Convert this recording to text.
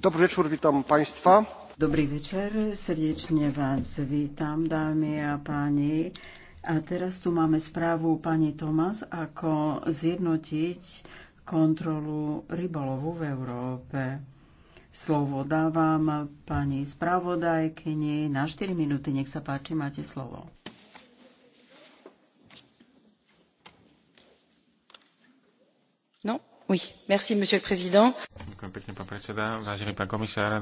Dobrý večer, vítam państwa. Dobrý večer, srdečne vás vítam, dámy a páni. A teraz tu máme správu pani Tomas, ako zjednotiť kontrolu rybolovu v Európe. Slovo dávam pani spravodajkyni na 4 minúty. Nech sa páči, máte slovo. No, Oui, merci, monsieur le président. Ďakujem pekne, pán predseda. Vážený pán komisár,